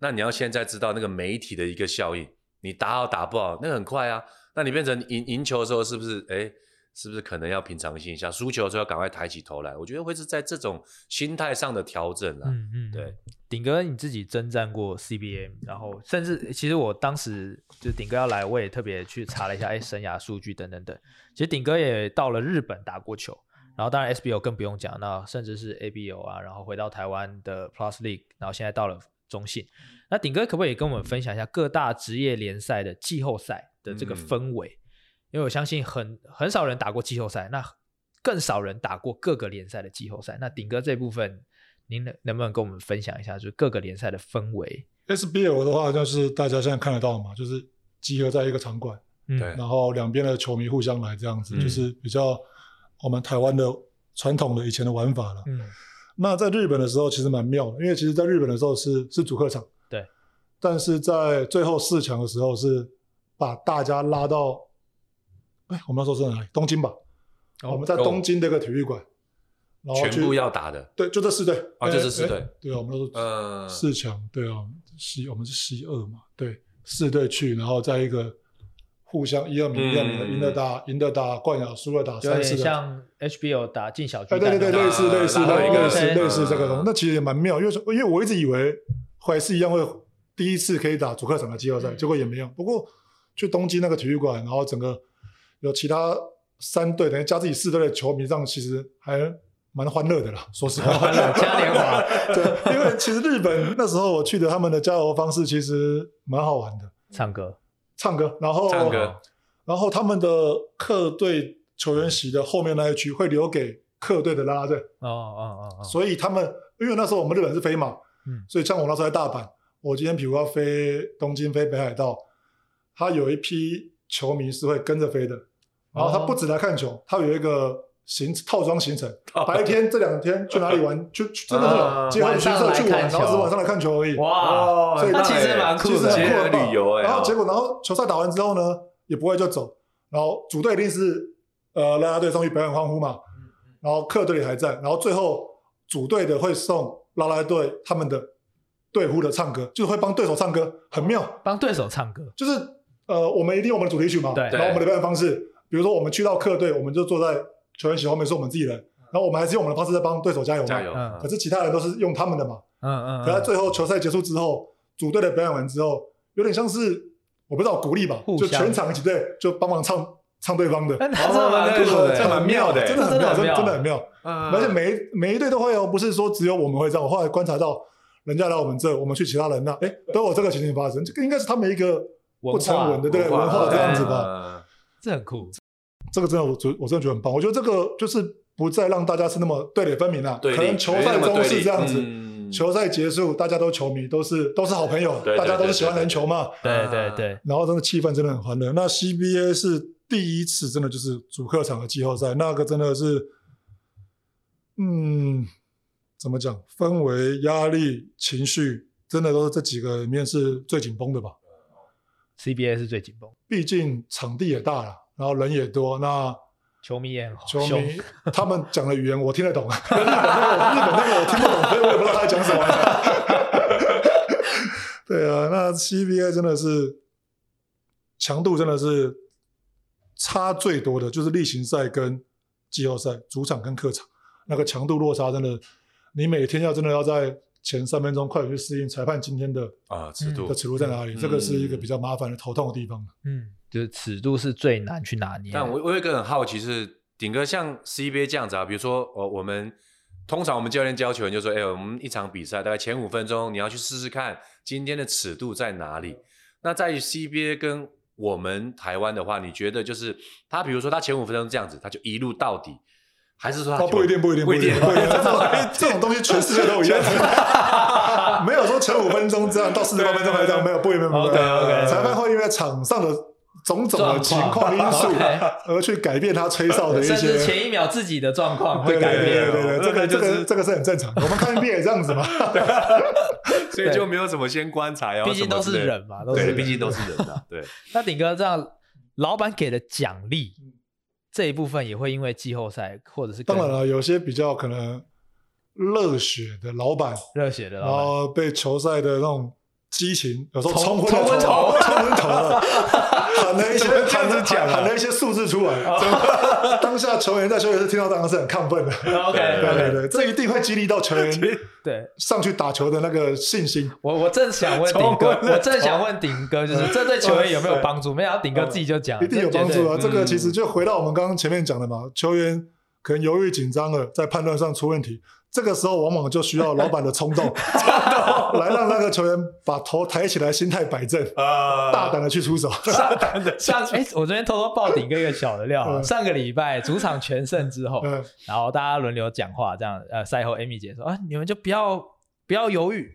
那你要現在知道那個媒體的一個效應，你打好打不好，那個、很快啊。那你變成贏贏球的時候，是不是哎、欸，是不是可能要平常心一下？輸球的時候要趕快抬起頭來。我覺得會是在這種心態上的調整啊。嗯嗯。對，鼎哥你自己征戰過 CBA，然後甚至其實我當時就鼎哥要來，我也特別去查了一下，哎、欸，生涯數據等等等。其實鼎哥也到了日本打過球，然後當然 SBO 更不用講，那甚至是 ABO 啊，然後回到台灣的 Plus League，然後現在到了中信。那鼎哥可不可以跟我們分享一下各大職業聯賽的季後賽？的這個氛圍，嗯、因為我相信很很少人打過季後賽，那更少人打過各個聯賽的季後賽。那鼎哥這部分，您能能不能跟我們分享一下，就是各個聯賽的氛圍？SBL 的話，就是大家現在看得到的嘛，就是集合在一個場館，對、嗯，然後兩邊的球迷互相來這樣子，嗯、就是比較我們台灣的傳統的以前的玩法了。嗯，那在日本的時候其實蠻妙的，因為其實在日本的時候是是主客場，對，但是在最後四強的時候是。把大家拉到，哎，我們那時候在哪裡？東京吧。我們在東京的一個體育館，然後全部要打的。對，就這四隊啊，就是四隊。對我們那時候四強對啊，西我們是西二嘛，對，四隊去，然後在一個互相一二名、一二名的贏得打、贏得打、冠亞輸了打，三，點像 HBL 打進小巨蛋。對對對，類似類似類似類似這個東西。那其實也蠻妙，因為因為我一直以為懷斯一樣會第一次可以打主客場的季後賽，結果也沒用。不過。去東京那個體育館，然後整個有其他三隊等於加自己四隊的球迷，這樣其實還蠻歡樂的啦。說實話，嘉 [LAUGHS] 年華、啊、 [LAUGHS] 對，因為其實日本 [LAUGHS] 那時候我去的，他們的加油方式其實蠻好玩的，唱歌，唱歌，然後唱歌，然後他們的客隊球員席的後面那一區會留給客隊的拉拉隊。哦哦哦哦，所以他們因為那時候我們日本是飛馬，嗯，所以像我那時候在大阪，我今天比如要飛東京，飛北海道。他有一批球迷是會跟着飛的，然後他不止來看球，哦、他有一個行套裝行程，白天這兩天去哪裡玩，就真的是結合球賽去玩，然後是晚上來看球而已。哇，所以他其實蠻酷的，其實很酷的旅遊。然後結果，然後球賽打完之後呢，也不會就走，然後主隊一定是呃拉拉隊上去表演歡呼嘛，然後客隊也還在，然後最後主隊的會送拉拉隊他們的隊服的唱歌，就是會幫對手唱歌，很妙，幫對手唱歌就是。呃，我們一定有我們的主題曲嘛，然後我們的表演方式，比如說我們去到客隊，我們就坐在球員席後面，是我們自己人。然後我們還是用我們的方式在幫對手加油嘛，可是其他人都是用他們的嘛。嗯嗯。可是最後球賽結束之後，組隊的表演完之後，有點像是我不知道鼓勵吧，就全場一起對，就幫忙唱唱對方的，唱的，蠻妙的，真的很妙，真的很妙。嗯，而且每每一隊都會有，不是說只有我們會這樣。我後來觀察到，人家來我們這，我們去其他人那，誒，都有這個情形發生，這應該是他們一個。不成文的，對文化，文化的這樣子吧、啊啊啊，這很酷。這個真的我，我我真的覺得很棒。我覺得這個就是不再讓大家是那麼對壘分明了、啊。對理可能球賽總是這樣子，嗯、球賽結束，大家都球迷，都是都是好朋友，大家都是喜歡籃球嘛。對對對，對。然後真的氣氛真的很歡樂。對對對對，那 CBA 是第一次，真的就是主客場的季後賽，那個真的是，嗯，怎麼講？氛圍、壓力、情緒，真的都是這幾個裡面是最緊繃的吧。CBA 是最緊繃，畢竟場地也大了，然後人也多，那球迷也好，球迷 ow 他們講的語言我聽得懂， [LAUGHS] [LAUGHS] 日本那個我，我聽不懂， [LAUGHS] 所以我也不知道他在講什麼，啊。 [LAUGHS] [LAUGHS] 對啊，那 CBA 真的是強度真的是差最多的就是例行賽跟季後賽，主場跟客場那個強度落差真的，你每天要真的要在。前三分鐘快點去適應裁判今天的啊、呃、尺度，的尺度在哪裡？嗯、這個是一個比較麻煩的、嗯、頭痛的地方。嗯，就是尺度是最難去拿捏。但我我有一個很好奇是，鼎哥像 CBA 這樣子啊，比如說我、呃、我們通常我們教練教球員就是說，哎、欸，我們一場比賽大概前五分鐘你要去試試看今天的尺度在哪裡。那在於 CBA 跟我們台灣的話，你覺得就是他比如說他前五分鐘這樣子，他就一路到底。還是說他不一定，不一定，不一定，這種這種東西全世界都一樣。沒有說前五分鐘這樣，到四十八分鐘還這樣，沒有，不一定，不一定，不一。裁判會因為場上的種種的情況因素，而去改變他吹哨的一些，甚至前一秒自己的狀況會改變。對對對，這個這個這個是很正常的，我們看影片也這樣子嘛。所以就沒有怎麼先觀察，畢竟都是人嘛，對，畢竟都是人啊。對。那鼎哥這樣，老闆給的獎勵。這一部分也會因為季後賽，或者是，當然了，有些比較可能熱血的老板，熱血的，然後被球賽的那種激情，從有時候衝昏了頭，衝昏，衝昏頭了， [LAUGHS] 喊了一些喊講，喊了一些數字出來。 [LAUGHS] 的 [LAUGHS] [LAUGHS] 當下球員在球員是聽到當然是很亢奮的。OK， [LAUGHS] 對對對，這一定會激勵到球員對上去打球的那個信心。我 [LAUGHS] 我正想問鼎哥，我正想問鼎哥，就是這對球員有沒有幫助？ [LAUGHS] 哦、塞沒想到鼎哥自己就講、哦，一定有幫助啊。嗯、這個其實就回到我們剛剛前面講的嘛，球員。可能猶豫緊張了，在判斷上出問題，這個時候往往就需要老闆的衝動， [LAUGHS] 來讓那個球員把頭抬起來， [LAUGHS] 心態擺正，呃，uh, 大膽的去出手，大膽的上。哎、 [LAUGHS] 欸，我這邊偷偷爆鼎哥一個小的料， [LAUGHS] 嗯、上個禮拜主場全勝之後，嗯、然後大家輪流講話，這樣，呃，賽後艾米姐說啊，你們就不要不要猶豫，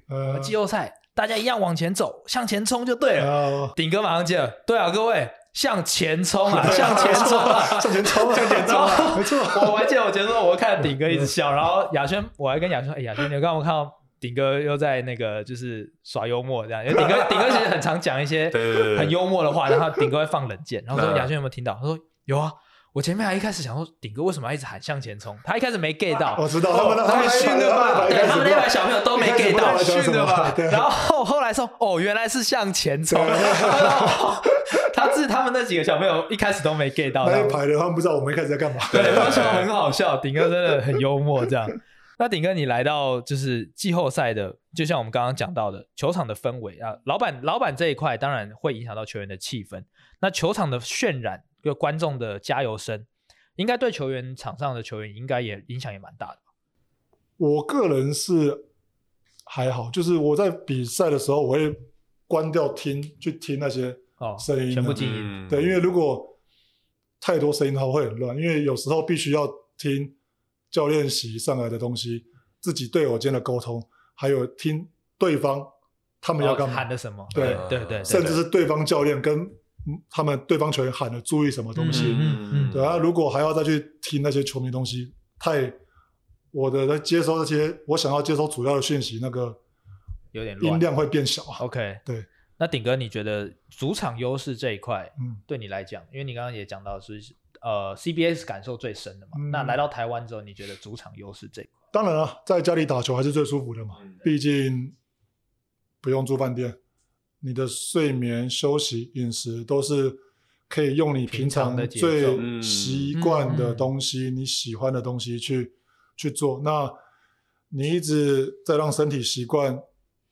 季、嗯、後賽大家一樣往前走，向前衝就對了。鼎、嗯、哥馬上接了，對啊，各位。向前衝啊！向前衝啊！向前衝！向前衝！沒錯，我還記得，我前束，我看頂哥一直笑，然後亞軒，我還跟亞軒說：“哎，亞軒，你有看我看到頂哥又在那個就是耍幽默這樣？頂哥，頂哥其實很常講一些很幽默的話，然後頂哥會放冷箭。然後說亞軒有沒有聽到？他說有啊。我前面還一開始想說，頂哥為什麼要一直喊向前衝？他一開始沒 get 到，我知道，他們訓了吧？他們那排小朋友都沒 get 到。然後後來說，哦，原來是向前衝。”是他，他們那幾個小朋友一開始都沒 get 到，他們排的，他們不知道我們一開始在幹嘛。對，很好笑，鼎哥真的很幽默。這樣， [LAUGHS] 那鼎哥你來到就是季後賽的，就像我們剛剛講到的，球場的氛圍啊，老闆，老闆這一塊當然會影響到球員的氣氛。那球場的渲染，就觀眾的加油聲，應該對球員場上的球員應該也影響也蠻大的。我個人是還好，就是我在比賽的時候，我會關掉聽，去聽那些。聲音全部靜音，對，因為如果太多聲音的話會很亂，因為有時候必須要聽教練席上來的東西，自己隊友間的溝通，還有聽對方他們要幹嘛喊的什麼，對對對，甚至是對方教練跟他們對方球員喊的注意什麼東西，嗯嗯，對，然後如果還要再去聽那些球迷東西，太我的接收那些我想要接收主要的訊息，那個有點音量會變小啊，OK，對。那鼎哥，你覺得主場優勢這一塊，嗯，對你來講，嗯、因為你剛剛也講到是，呃，CBS 感受最深的嘛。嗯、那來到台灣之後，你覺得主場優勢這一、一塊？當然了、啊，在家裡打球還是最舒服的嘛，畢竟不用住飯店，你的睡眠、休息、飲食都是可以用你平常的最習慣的東西、嗯、你喜歡的東西去、嗯、去做。那你一直在讓身體習慣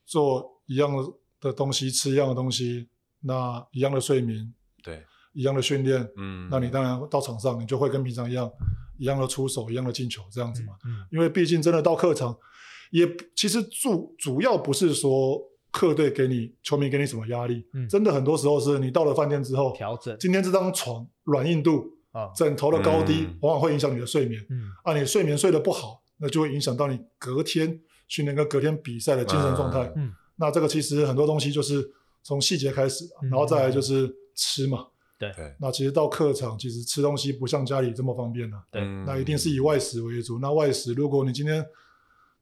做一樣的。的東西吃一樣的東西，那一樣的睡眠，對，一樣的訓練，嗯，嗯，那你當然到場上，你就會跟平常一樣，一樣的出手，一樣的進球，這樣子嘛。嗯，嗯，因為畢竟真的到客場，也其實主主要不是說客隊給你，球迷給你什麼壓力，嗯，真的很多時候是你到了飯店之後調整，今天這張床軟硬度啊，嗯、枕頭的高低，往往會影響你的睡眠，嗯，啊，你睡眠睡得不好，那就會影響到你隔天訓練跟隔天比賽的精神狀態、嗯，嗯。那這個其實很多東西就是從細節開始，然後再來就是吃嘛。對，那其實到客場，其實吃東西不像家裡這麼方便了。對，那一定是以外食為主。那外食，如果你今天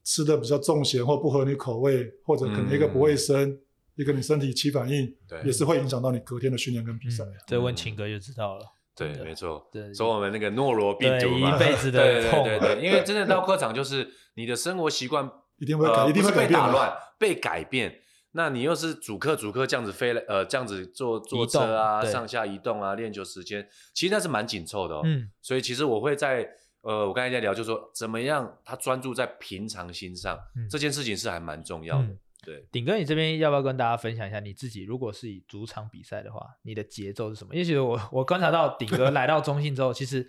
吃的比較重鹹，或不合你口味，或者可能一個不衛生，一個你身體起反應，對，也是會影響到你隔天的訓練跟比賽。這問清哥就知道了。對，沒錯。所以我們那個諾羅病毒，一輩子的痛。對對對，因為真的到客場，就是你的生活習慣。一定會被打亂、被改變。那你又是主客主客這樣子飛來，呃，這樣子坐坐車啊，上下移動啊，練球時間，其實那是蠻緊湊的哦。嗯，所以其實我會在，呃，我剛才在聊，就說怎麼樣，他專注在平常心上這件事情是還蠻重要的。對，鼎哥，你這邊要不要跟大家分享一下你自己，如果是以主場比賽的話，你的節奏是什麼？也許我我觀察到鼎哥來到中信之後，其實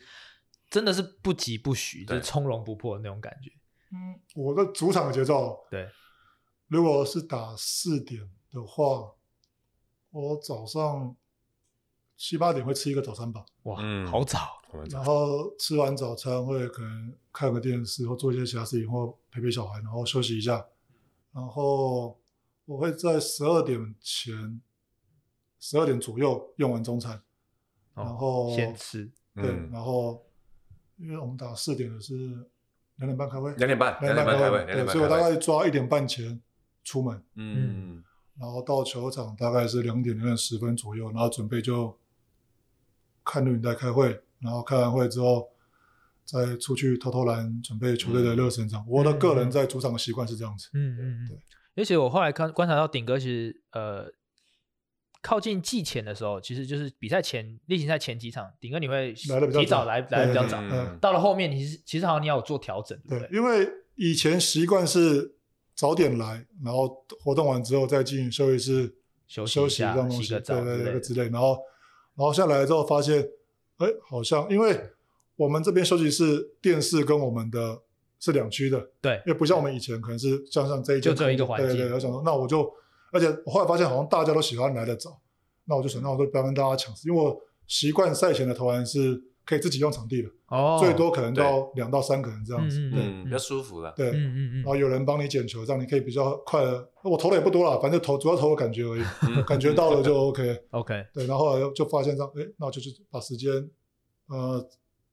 真的是不疾不徐，就是從容不迫的那種感覺。嗯，我的主場的節奏。對，如果是打四點的話，我早上七八點會吃一個早餐吧。哇，嗯、好早。然後吃完早餐會可能看個電視或做一些其他事情，或陪陪小孩，然後休息一下。然後我會在十二點前，十二點左右用完中餐。哦、然後先吃，對。嗯、然後，因為我們打四點的是。兩點半開會，兩點半，兩點半開會，所以我大概抓一點半前出門，嗯，嗯，然後到球場大概是兩點零十分左右，然後準備就看錄影帶開會，然後開完會之後再出去偷偷懶準備球隊的熱身場。嗯、我的個人在主場的習慣是這樣子，嗯對嗯嗯，而且我後來看觀察到鼎哥，其實呃。靠近季前的時候，其實就是比賽前例行賽前幾場，鼎哥你會來得比較提早來來得比較早。嗯。到了後面，其實其實好像你要有做調整。對。因為以前習慣是早點來，然後活動完之後再進休息室休息一下，對對對，之類。然後然後下來之後發現，哎，好像因為我們這邊休息室電視跟我們的是兩區的，對，因為不像我們以前可能是像像這一間就這一個環境。對對，我想說，那我就。而且我後來發現，好像大家都喜歡來的早，那我就想，那我就不要跟大家搶，因為我習慣賽前的投籃是可以自己用場地的，哦，最多可能到兩到三個人這樣子，嗯，比較舒服的，對，嗯嗯嗯，然後有人幫你撿球，這樣你可以比較快的，我投的也不多了，反正投主要投感覺而已，感覺到了就 OK，OK，對，然後後來就發現這樣，哎，那我就去把時間，呃，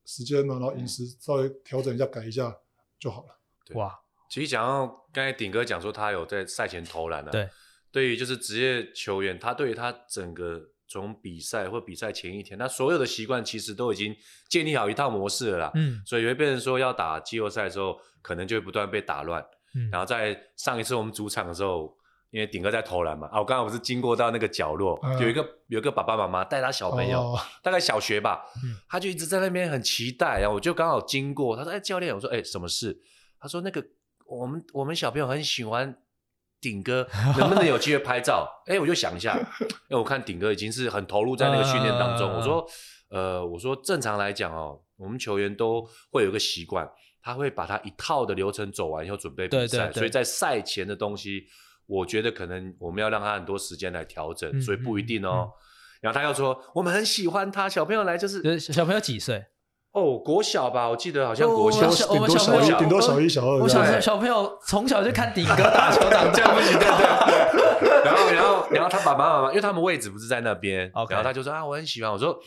時間嘛，然後飲食稍微調整一下，改一下就好了。哇，其實想要剛才鼎哥講說他有在賽前投籃的，對。對於就是職業球員，他對於他整個從比賽或比賽前一天，他所有的習慣其實都已經建立好一套模式了啦。嗯，所以會變成說要打季後賽的時候，可能就會不斷被打亂。嗯，然後在上一次我們主場的時候，因為鼎哥在投籃嘛，啊，我剛剛不是經過到那個角落，嗯、有一個有一個爸爸媽媽帶他小朋友，哦、大概小學吧，嗯、他就一直在那邊很期待。然後我就剛好經過，他說：“哎，教練，我說哎，什麼事？”他說：“那個我們我們小朋友很喜歡。”鼎哥能不能有機會拍照？哎， [LAUGHS] 欸、我就想一下，因、欸、為我看鼎哥已經是很投入在那個訓練當中。 [LAUGHS] 我說，呃，我說正常來講哦、喔，我們球員都會有一個習慣，他會把他一套的流程走完以後準備比賽。對對對，所以在賽前的東西，我覺得可能我們要讓他很多時間來調整，嗯嗯嗯，所以不一定哦、喔。然後他又說，我們很喜歡他，小朋友來就是，就是小朋友幾歲？哦，國小吧，我記得好像國小，頂多小一、小二。我，我小，小，小小朋友從小就看鼎哥打球長這樣不行，對對對。 [LAUGHS] 然後，然後，然後他爸爸媽媽，因為他們位置不是在那邊，Okay. 然後他就說啊，我很喜歡。我說，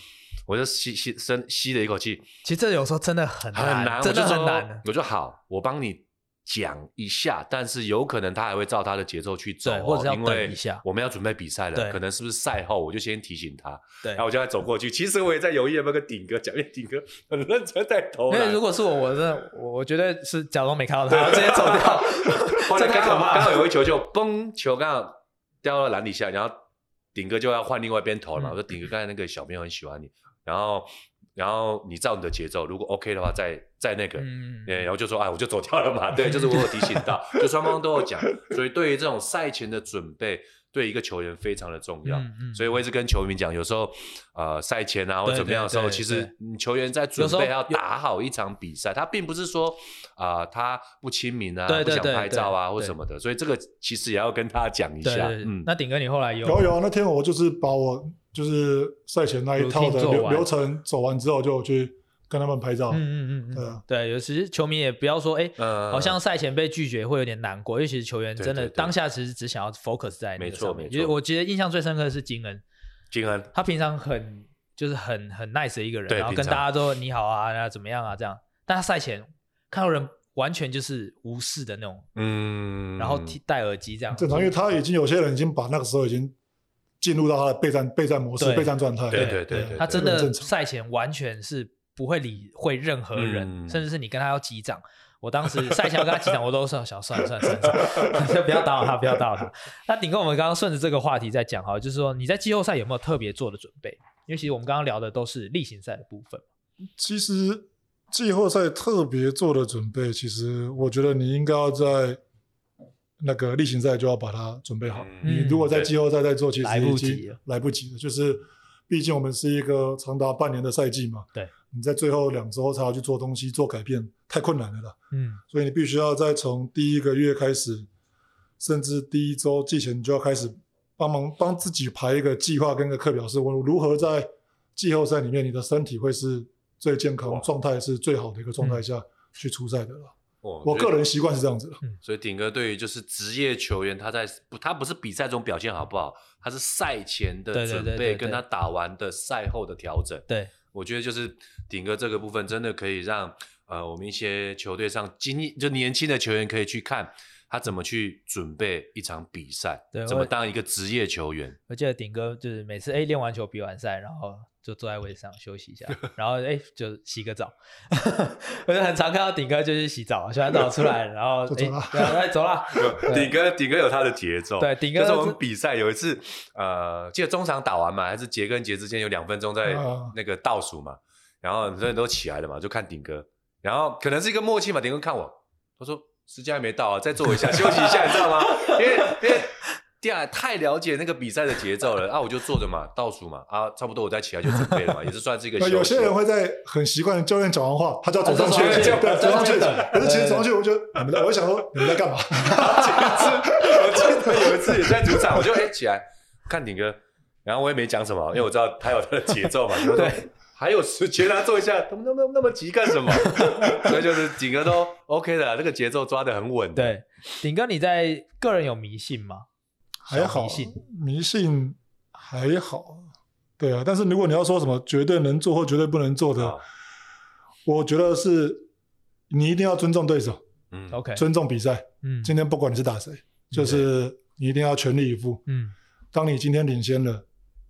我就吸吸深吸了一口氣。其實這有時候真的很難，我就難。我說我好，我幫你。講一下，但是有可能他還會照他的節奏去走，哦，或者要等一下，因為我們要準備比賽了，對可能是不是賽後我就先提醒他，對，然後我就要走過去。其實我也在猶豫，那個頂哥，講，頂哥很認真在投。有，如果是我，我真的我我絕對是假裝沒看到他，對直接走掉。在幹嘛？剛好有一球就崩，球剛好掉到籃底下，然後頂哥就要換另外一邊投了。我說，頂哥，嗯、剛才那個小朋友很喜歡你，然後。然後你照你的節奏，如果 OK 的話再，再再那個，然後、嗯欸、就說哎，我就走掉了嘛。對，就是我有提醒到， [LAUGHS] 就雙方都有講。所以對於這種賽前的準備，對一個球員非常的重要。嗯嗯、所以我一直跟球迷講，有時候呃賽前啊或怎麼樣的時候，對對對對其實你、嗯、球員在準備要打好一場比賽，他並不是說、呃、他不親民啊，不想拍照啊或什麼的。所以這個其實也要跟他講一下。對對對嗯。那鼎哥，你後來有有有、啊、那天我就是把我。就是賽前那一套的流程走完之後，就去跟他們拍照。嗯嗯嗯嗯，對、啊、對有時球迷也不要說，哎、欸，呃、好像賽前被拒絕會有點難過，尤、呃、其是球員真的當下其實只想要 focus 在那個上面，對對對。沒錯沒錯。我覺得印象最深刻的是金恩。金恩，他平常很就是很很 nice 的一個人，對然後跟大家都說你好啊，然後怎麼樣啊這樣。但他賽前看到人完全就是無視的那種，嗯，然後戴耳機這樣。正常，因為他已經有些人已經把那個時候已經。進入到他的備戰備戰模式、對備戰狀態。對對對，對，對，對，他真的賽前完全是不會理會任何人，嗯、甚至是你跟他要擊掌，我當時賽前跟他擊掌， [LAUGHS] 我都是想算算算算、算算算算 [LAUGHS] 不要打擾他，不要打擾他。 [LAUGHS] 那鼎哥我們剛剛順着這個話題在講哈，就是說你在季後賽有沒有特別做的準備？因為其實我們剛剛聊的都是例行賽的部分。其實季後賽特別做的準備，其實我覺得你應該要在。那個例行賽就要把它準備好。嗯、你如果在季後賽再做，其實來不及，來不及的。就是，畢竟我們是一個長達半年的賽季嘛。對。你在最後兩周才要去做東西，做改變，太困難了啦。嗯。所以你必須要在從第一個月開始，甚至第一周季前你就要開始幫忙幫自己排一個計劃跟個課表示，是我如何在季後賽裡面，你的身體會是最健康、哇狀態是最好的一個狀態下去出賽的了。嗯我個人習慣是這樣子，哦嗯、所以鼎哥對於就是職業球員，他在他不是比賽中表現好不好，他是賽前的準備，跟他打完的賽後的調整。對、對、對、對、對、對，我覺得就是鼎哥這個部分真的可以讓呃我們一些球隊上經就年輕的球員可以去看他怎麼去準備一場比賽，怎麼當一個職業球員。我記得鼎哥就是每次 a 練完球，比完賽，然後。就坐在位上休息一下， [LAUGHS] 然後哎，就洗個澡。我 [LAUGHS] 就很常看到鼎哥就去洗澡，洗完澡澡出來，然後哎，走了。鼎哥，鼎哥有他的節奏。對，鼎哥。就是我們比賽有一次，呃，記得中場打完嘛，還是節跟節之間有兩分鐘在那個倒數嘛，哦，然後很多人都起來了嘛，就看鼎哥，然後可能是一個默契嘛，鼎哥看我，他說時間還沒到啊，再坐一下休息一下， [LAUGHS] 你知道嗎？因為第二太了解那個比賽的節奏了啊，我就坐着嘛，倒數嘛啊，差不多我再起來就準備了嘛，也是算這個。有些人會在很習慣教練講完話，他就要走上去，走上去。可是其實走上去，我就，得，我在想說你們在幹嘛？有一次有一次也在主場，我就哎起來看鼎哥，然後我也沒講什麼，因為我知道他有他的節奏嘛，對不對？還有時間，他做一下，他們那麼那麼急幹什麼？所以就是鼎哥都 OK 的，這個節奏抓的很穩。對，鼎哥你在個人有迷信嗎？還好，小迷信，迷信還好，對啊。但是如果你要說什麼絕對能做或絕對不能做的，哦、我覺得是，你一定要尊重對手，嗯，OK，尊重比賽，嗯，今天不管你是打誰，嗯、就是你一定要全力以赴，嗯。當你今天領先了，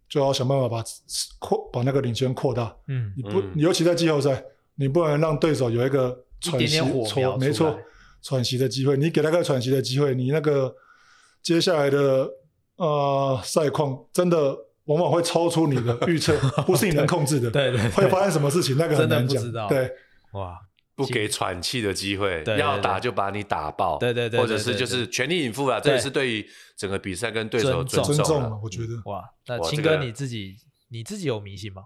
就要想辦法把擴把那個領先擴大，嗯。你不、嗯、尤其在季後賽，你不能讓對手有一個喘息點點沒錯喘息的機會，你給他個喘息的機會，你那個。接下來的啊，賽況真的往往會超出你的預測，不是你能控制的。對對。會發生什麼事情，那個真的不知道。對，哇，不給喘氣的機會，要打就把你打爆。對對對。或者是就是全力以赴了，這也是對於整個比賽跟對手尊重了，我覺得。哇，那清哥你自己你自己有迷信嗎？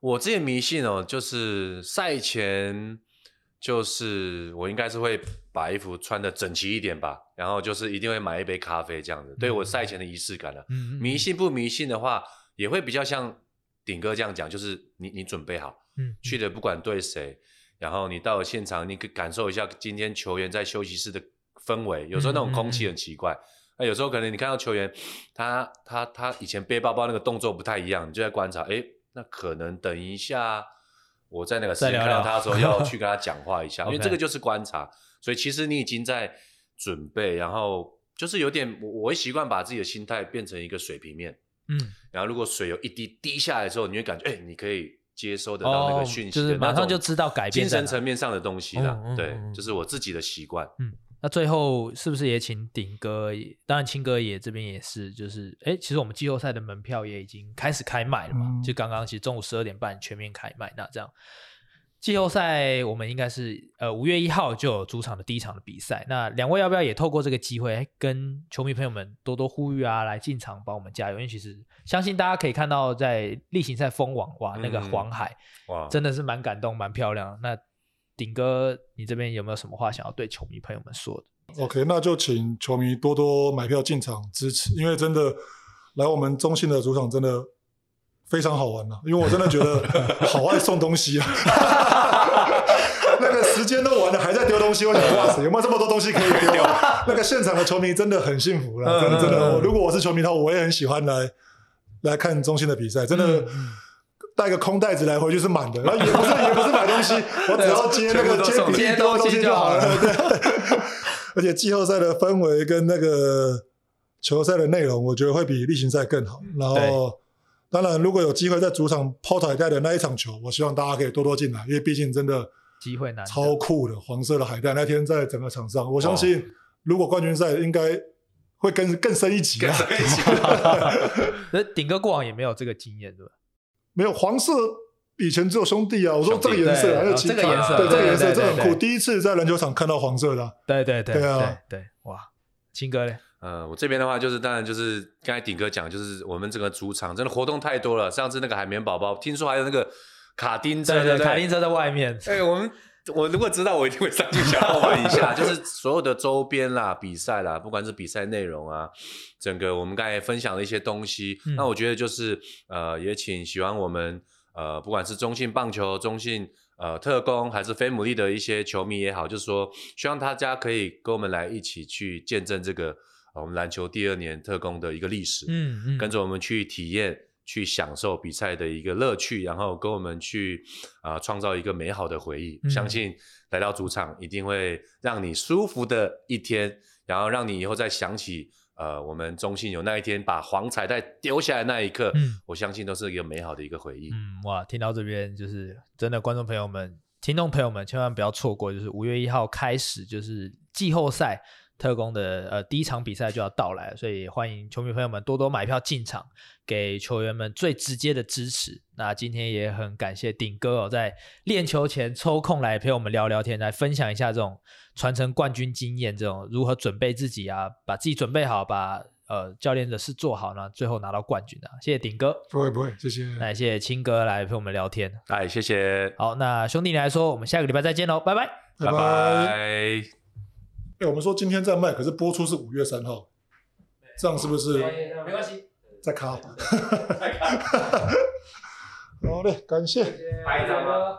我這些迷信哦，就是賽前。就是我應該是會把衣服穿的整齊一點吧，然後就是一定會買一杯咖啡這樣子，對我賽前的儀式感了、啊。嗯，Okay. 迷信不迷信的話，也會比較像鼎哥這樣講，就是你你準備好，嗯，去的不管對誰，然後你到了現場，你可以感受一下今天球員在休息室的氛圍，有時候那種空氣很奇怪，mm hmm. 那有時候可能你看到球員，他他他以前背包包那個動作不太一樣，你就在觀察，誒、欸，那可能等一下。我在那個時候看到他的時候，要去跟他講話一下，聊聊，因為這個就是觀察， [LAUGHS] 所以其實你已經在準備，然後就是有點我，我會習慣把自己的心態變成一個水平面，嗯，然後如果水有一滴滴下來的時候，你會感覺哎，你可以接收得到那個訊息，哦就是、馬上就知道改變、啊、精神層面上的東西了，嗯、對，嗯、就是我自己的習慣，嗯。那最後是不是也請鼎哥？當然清哥，也這邊也是，就是誒、欸，其實我們季後賽的門票也已經開始開賣了嘛，就剛剛其實中午十二點半全面開賣。那這樣季後賽我們應該是呃五月一號就有主場的第一場的比賽。那兩位要不要也透過這個機會跟球迷朋友們多多呼籲啊，來進場幫我們加油？因為其實相信大家可以看到在例行賽封王哇，嗯、那個黃海哇真的是蠻感動蠻漂亮的。那鼎哥，你這邊有沒有什麼話想要對球迷朋友們說的？OK，那就請球迷多多買票進場支持，因為真的來我們中信的主場真的非常好玩啊！因為我真的覺得、 [LAUGHS] 嗯、好愛送東西啊，那個時間都完了還在丟東西，我想 [LAUGHS] 哇塞，有沒有這麼多東西可以丟？ [LAUGHS] 那個現場的球迷真的很幸福了、啊，真的嗯嗯嗯真的，我，如果我是球迷的話，我也很喜歡來來看中信的比賽，真的。嗯嗯帶個空袋子來，回去是滿的，然後也不是也不是買東西， [LAUGHS] 我只要接那個都接筆筆東西就好了。 [LAUGHS] 而且季後賽的氛圍跟那個球賽的內容，我覺得會比例行賽更好。然後，對當然如果有機會在主場拋海帶的那一場球，我希望大家可以多多進來，因為畢竟真的機會難超酷的黃色的海帶，那天在整個場上，我相信如果冠軍賽應該會更更深一級啊。鼎 [LAUGHS] 哥過往也沒有這個經驗，對吧？沒有黃色，以前只有兄弟啊。我說這個顏色還有這個顏色，對，對、啊、這個顏色，這很酷。對第一次在籃球場看到黃色的，對對對，對，對啊，對，對，對哇，清哥嘞？呃，我這邊的話就是，當然就是剛才鼎哥講，就是我們整個主場真的活動太多了。上次那個海綿寶寶，聽說還有那個卡丁車，對對，對對卡丁車在外面。哎、欸，我們。我如果知道，我一定會上去想要問一下。 [LAUGHS] 就是所有的周邊啦、比賽啦，不管是比賽內容啊，整個我們剛才分享的一些東西，嗯、那我覺得就是呃，也請喜歡我們呃，不管是中信棒球、中信呃特攻還是飛牡蠣的一些球迷也好，就是說，希望大家可以跟我們來一起去見證這個我們、呃、籃球第二年特攻的一個歷史，嗯，嗯跟着我們去體驗。去享受比賽的一個樂趣，然後跟我們去啊、呃、創造一個美好的回憶。嗯、相信來到主場一定會讓你舒服的一天，然後讓你以後再想起呃我們中信有那一天把黃彩帶丟下來的那一刻，嗯、我相信都是一個美好的一個回憶。嗯，哇，聽到這邊就是真的，觀眾朋友們、聽眾朋友們千萬不要錯過，就是五月一號開始就是季後賽。特攻的呃第一場比賽就要到來，所以也歡迎球迷朋友們多多買票進場，給球員們最直接的支持。那今天也很感謝鼎哥哦，在練球前抽空來陪我們聊聊天，來分享一下這種傳承冠軍經驗，這種如何準備自己啊，把自己準備好，把呃教練的事做好呢，然後最後拿到冠軍呢、啊。謝謝鼎哥，不會不會，謝謝。那謝謝清哥來陪我們聊天，哎，謝謝。好，那兄弟你來說，我們下個禮拜再見嘍，拜拜，拜拜。欸、我們說今天在賣，可是播出是五月三號，對這樣是不是？沒關係，在卡好。 [LAUGHS] 再卡好嘞，感謝，拜拜。